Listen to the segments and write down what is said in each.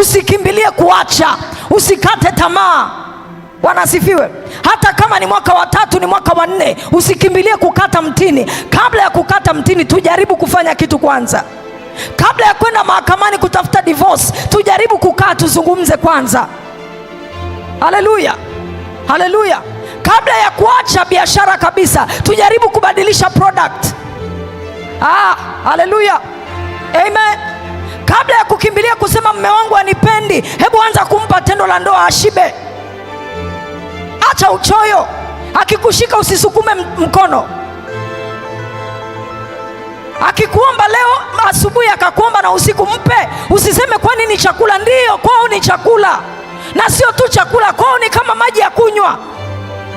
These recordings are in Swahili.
usikimbilie kuacha, usikate tamaa. Bwana asifiwe. Hata kama ni mwaka wa tatu, ni mwaka wa nne, usikimbilie kukata mtini. Kabla ya kukata mtini, tujaribu kufanya kitu kwanza. Kabla ya kwenda mahakamani kutafuta divorce, tujaribu kukaa tuzungumze kwanza. Haleluya, haleluya. Kabla ya kuacha biashara kabisa, tujaribu kubadilisha product. Ah, haleluya, amen. Kabla ya kukimbilia kusema mme wangu anipendi, hebu anza kumpa tendo la ndoa ashibe. Acha uchoyo, akikushika usisukume mkono. Akikuomba leo asubuhi, akakuomba na usiku, mpe. Usiseme kwani ni chakula. Ndiyo, kwao ni chakula, na sio tu chakula, kwao ni kama maji ya kunywa.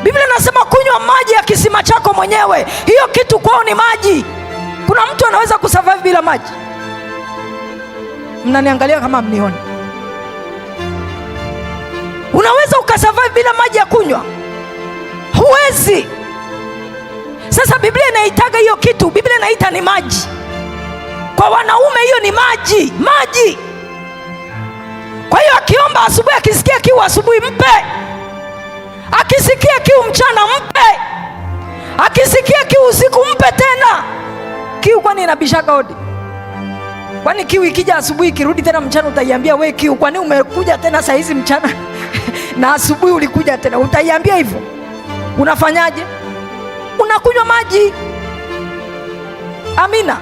Biblia inasema kunywa maji ya kisima chako mwenyewe. Hiyo kitu kwao ni maji. Kuna mtu anaweza kusurvive bila maji? mnaniangalia kama mnioni. Unaweza ukasurvive bila maji ya kunywa? Huwezi. Sasa Biblia inaitaga hiyo kitu, Biblia inaita ni maji. Kwa wanaume hiyo ni maji, maji. Kwa hiyo akiomba asubuhi, akisikia kiu asubuhi mpe, akisikia kiu mchana mpe, akisikia kiu usiku mpe tena. Kiu kwani inabisha kodi? Kwani kiu ikija asubuhi ikirudi tena mchana utaiambia we kiu, kwani umekuja tena saa hizi mchana na asubuhi ulikuja tena? Utaiambia hivyo. Unafanyaje? Unakunywa maji. Amina.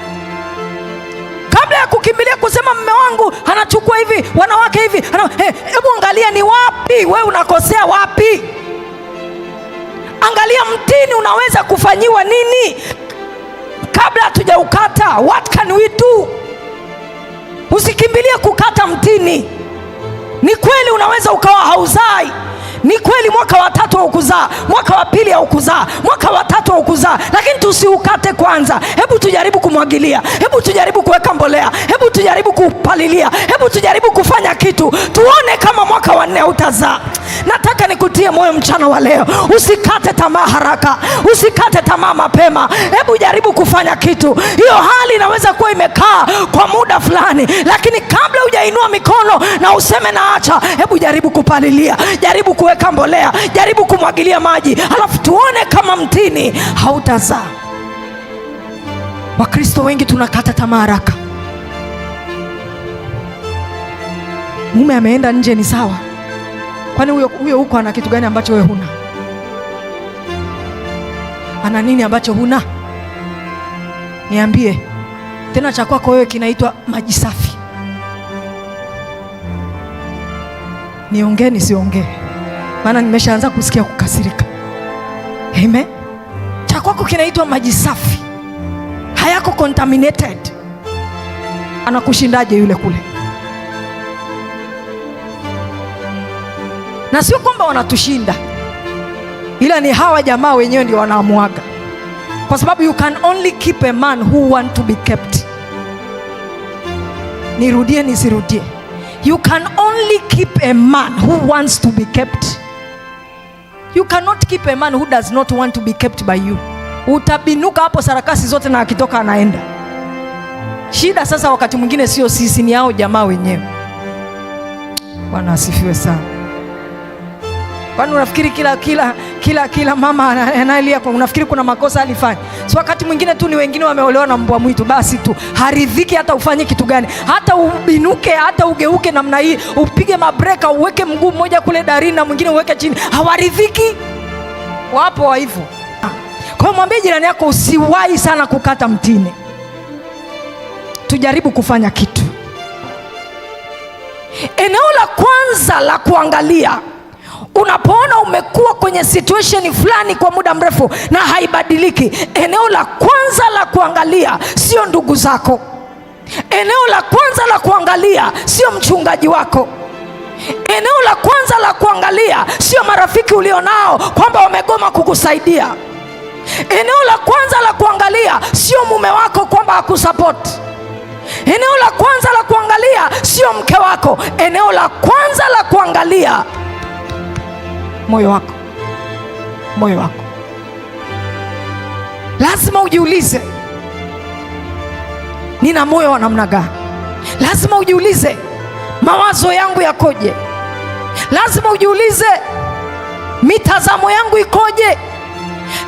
Kabla ya kukimbilia kusema mme wangu anachukua hivi, wanawake hivi, eh, hebu hey, angalia ni wapi we unakosea wapi. Angalia mtini unaweza kufanyiwa nini kabla hatujaukata. What can we do? Usikimbilie kukata mtini. Ni kweli unaweza ukawa hauzai, ni kweli mwaka wa tatu haukuzaa, mwaka wa pili haukuzaa, mwaka wa tatu haukuzaa lakini tusiukate kwanza. Hebu tujaribu kumwagilia, hebu tujaribu kuweka mbolea, hebu tujaribu kupalilia, hebu tujaribu kufanya kitu, tuone kama mwaka wa nne utazaa. Nataka nikutie moyo mchana wa leo, usikate tamaa haraka, usikate tamaa mapema. Hebu jaribu kufanya kitu. Hiyo hali inaweza kuwa imekaa kwa muda fulani, lakini kabla hujainua mikono na useme naacha, hebu jaribu kupalilia, jaribu kuweka mbolea, jaribu kumwagilia maji, halafu tuone kama mtini hautazaa sasa Wakristo wengi tunakata tamaa haraka. Mume ameenda nje ni sawa, kwani huyo huyo huko ana kitu gani ambacho wewe huna? Ana nini ambacho huna? Niambie tena, cha kwako wewe kinaitwa maji safi. Niongee nisiongee? Maana nimeshaanza kusikia kukasirika. Amen kinaitwa maji safi, hayako contaminated, anakushindaje yule kule? Na sio kwamba wanatushinda, ila ni hawa jamaa wenyewe ndio wanaamuaga, kwa sababu you can only keep a man who want to be kept. Nirudie nisirudie, you can only keep a man who wants to be kept. You cannot keep a man who does not want to be kept by you. Utabinuka hapo sarakasi zote, na akitoka anaenda. Shida sasa wakati mwingine sio sisi, ni hao jamaa wenyewe. Bwana asifiwe sana. Kwani unafikiri kila kila kila kila mama anayelia, unafikiri kuna makosa alifanya? So wakati mwingine tu ni wengine wameolewa na mbwa mwitu, basi tu haridhiki, hata ufanye kitu gani, hata ubinuke, hata ugeuke namna hii, upige mabreka, uweke mguu mmoja kule darini na mwingine uweke chini, hawaridhiki. Wapo wa hivyo. Kwa mwambie jirani yako usiwahi sana kukata mtini. Tujaribu kufanya kitu. Eneo la kwanza la kuangalia unapoona umekuwa kwenye situation fulani kwa muda mrefu na haibadiliki, eneo la kwanza la kuangalia sio ndugu zako. Eneo la kwanza la kuangalia sio mchungaji wako. Eneo la kwanza la kuangalia sio marafiki ulionao kwamba wamegoma kukusaidia. Eneo la kwanza la kuangalia sio mume wako kwamba akusapoti. Eneo la kwanza la kuangalia sio mke wako. Eneo la kwanza la kuangalia moyo wako, moyo wako. Lazima ujiulize, nina moyo wa namna gani? Lazima ujiulize, mawazo yangu yakoje? Lazima ujiulize, mitazamo yangu ikoje?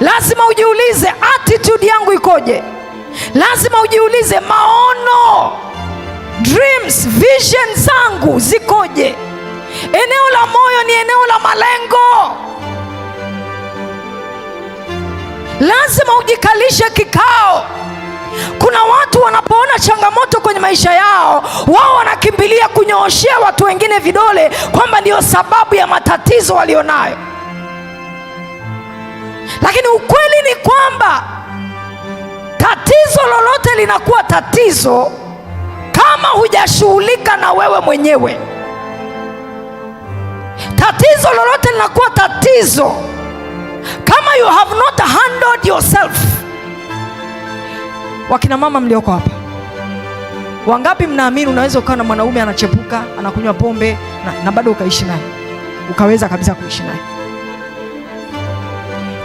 Lazima ujiulize attitude yangu ikoje. Lazima ujiulize maono, dreams, vision zangu zikoje. Eneo la moyo ni eneo la malengo. Lazima ujikalishe kikao. Kuna watu wanapoona changamoto kwenye maisha yao, wao wanakimbilia kunyooshea watu wengine vidole kwamba ndiyo sababu ya matatizo walionayo. Lakini ukweli ni kwamba tatizo lolote linakuwa tatizo kama hujashughulika na wewe mwenyewe. Tatizo lolote linakuwa tatizo kama you have not handled yourself. Wakina mama mlioko hapa, wangapi mnaamini unaweza ukawa na mwanaume anachepuka, anakunywa pombe na, na bado ukaishi naye ukaweza kabisa kuishi naye?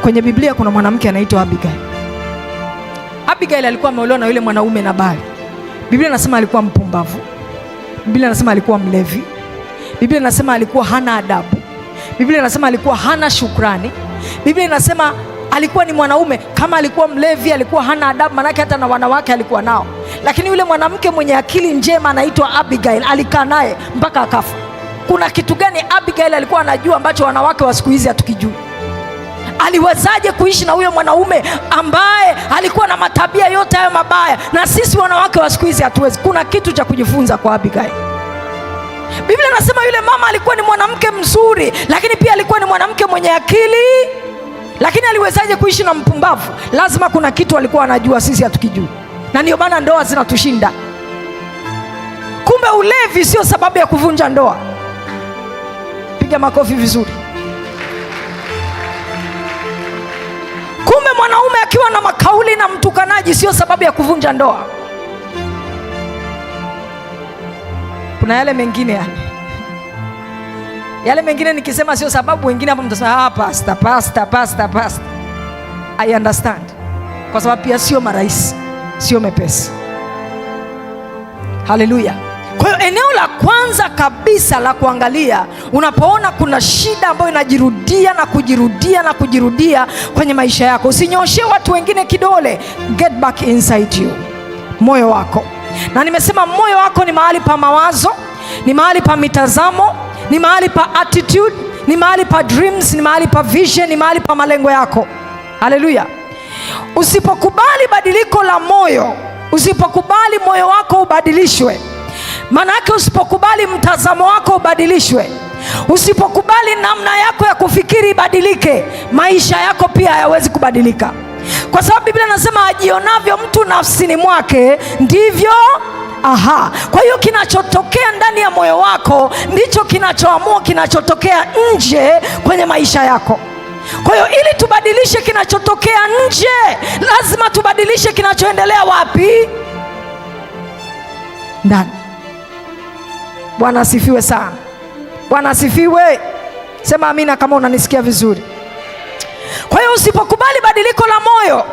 Kwenye Biblia kuna mwanamke anaitwa Abigail. Abigail alikuwa ameolewa na yule mwanaume Nabali. Biblia nasema alikuwa mpumbavu. Biblia nasema alikuwa mlevi. Biblia inasema alikuwa hana adabu. Biblia nasema alikuwa hana shukrani. Biblia inasema alikuwa ni mwanaume, kama alikuwa mlevi, alikuwa hana adabu, manake hata na wanawake alikuwa nao. Lakini yule mwanamke mwenye akili njema anaitwa Abigail, alikaa naye mpaka akafa. Kuna kitu gani Abigail alikuwa anajua ambacho wanawake wa siku hizi hatukijui? aliwezaje kuishi na huyo mwanaume ambaye alikuwa na matabia yote hayo mabaya? Na sisi wanawake wa siku hizi hatuwezi. Kuna kitu cha kujifunza kwa Abigail. Biblia nasema yule mama alikuwa ni mwanamke mzuri, lakini pia alikuwa ni mwanamke mwenye akili, lakini aliwezaje kuishi na mpumbavu? Lazima kuna kitu alikuwa anajua, sisi hatukijui, na ndiyo maana ndoa zinatushinda. Kumbe ulevi sio sababu ya kuvunja ndoa. Piga makofi vizuri. kuwa na makauli na mtukanaji sio sababu ya kuvunja ndoa. Kuna yale mengine yani, yale mengine nikisema sio sababu, wengine hapa mtasema ah, pastor, pastor, pastor, pastor. I understand, kwa sababu pia sio marahisi, sio mepesi. Haleluya! Kwa hiyo eneo la kwanza kabisa la kuangalia unapoona kuna shida ambayo inajirudia na kujirudia na kujirudia kwenye maisha yako. Usinyoshee watu wengine kidole, get back inside you, moyo wako. Na nimesema moyo wako ni mahali pa mawazo, ni mahali pa mitazamo, ni mahali pa attitude, ni mahali pa dreams, ni mahali pa vision, ni mahali pa malengo yako. Haleluya! Usipokubali badiliko la moyo, usipokubali moyo wako ubadilishwe Maanake usipokubali mtazamo wako ubadilishwe, usipokubali namna yako ya kufikiri ibadilike, maisha yako pia hayawezi kubadilika, kwa sababu Biblia inasema ajionavyo mtu nafsini mwake ndivyo Aha, kwa hiyo kinachotokea ndani ya moyo wako ndicho kinachoamua kinachotokea nje kwenye maisha yako. Kwa hiyo ili tubadilishe kinachotokea nje, lazima tubadilishe kinachoendelea wapi? Ndani. Bwana asifiwe sana. Bwana asifiwe. Sema amina kama unanisikia vizuri. Kwa hiyo usipokubali badiliko la moyo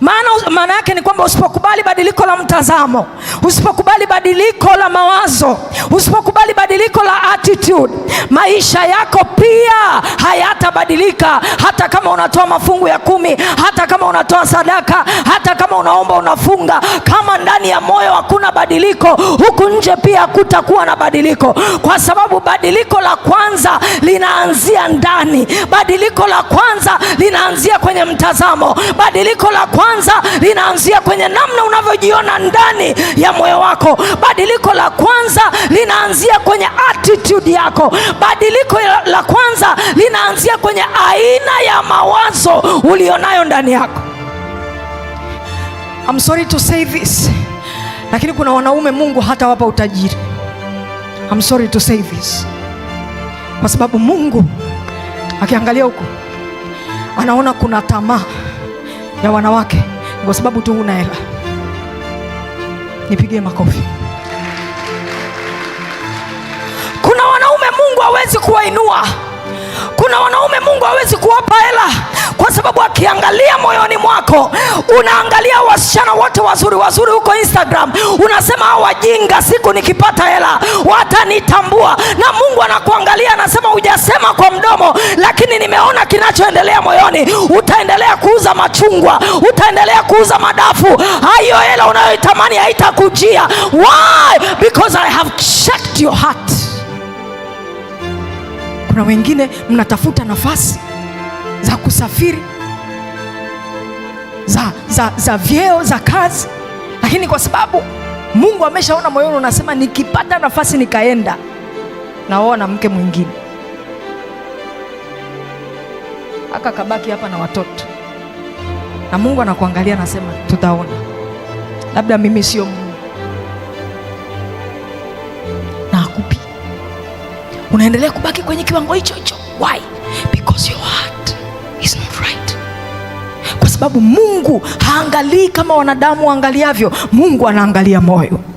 maana maana yake ni kwamba usipokubali badiliko la mtazamo, usipokubali badiliko la mawazo, usipokubali badiliko la attitude, maisha yako pia hayatabadilika, hata kama unatoa mafungu ya kumi, hata kama unatoa sadaka, hata kama unaomba unafunga, kama ndani ya moyo hakuna badiliko, huku nje pia kutakuwa na badiliko, kwa sababu badiliko la kwanza linaanzia ndani. Badiliko la kwanza linaanzia kwenye mtazamo. Badiliko la kwanza linaanzia kwenye namna unavyojiona ndani ya moyo wako. Badiliko la kwanza linaanzia kwenye attitude yako. Badiliko la kwanza linaanzia kwenye aina ya mawazo ulionayo ndani yako. I'm sorry to say this, lakini kuna wanaume Mungu hatawapa utajiri. I'm sorry to say this, kwa sababu Mungu akiangalia huko anaona kuna tamaa ya wanawake kwa sababu tu huna hela. Nipigie makofi. Kuna wanaume Mungu hawezi kuwainua kuna wanaume Mungu hawezi kuwapa hela kwa sababu akiangalia moyoni mwako, unaangalia wasichana wote wazuri wazuri huko Instagram, unasema hawajinga, ah, siku nikipata hela watanitambua. Na Mungu anakuangalia anasema, hujasema kwa mdomo, lakini nimeona kinachoendelea moyoni. Utaendelea kuuza machungwa, utaendelea kuuza madafu, hayo ah, hela unayoitamani haitakujia. Why? Because I have checked your heart. Kuna wengine mnatafuta nafasi za kusafiri za, za, za vyeo za kazi, lakini kwa sababu Mungu ameshaona moyoni, unasema nikipata nafasi nikaenda naoa na mke mwingine, aka kabaki hapa na watoto, na Mungu anakuangalia anasema, tutaona, labda mimi sio unaendelea kubaki kwenye kiwango hicho hicho. Why? Because your heart is not right. Kwa sababu Mungu haangalii kama wanadamu waangaliavyo. Mungu anaangalia moyo.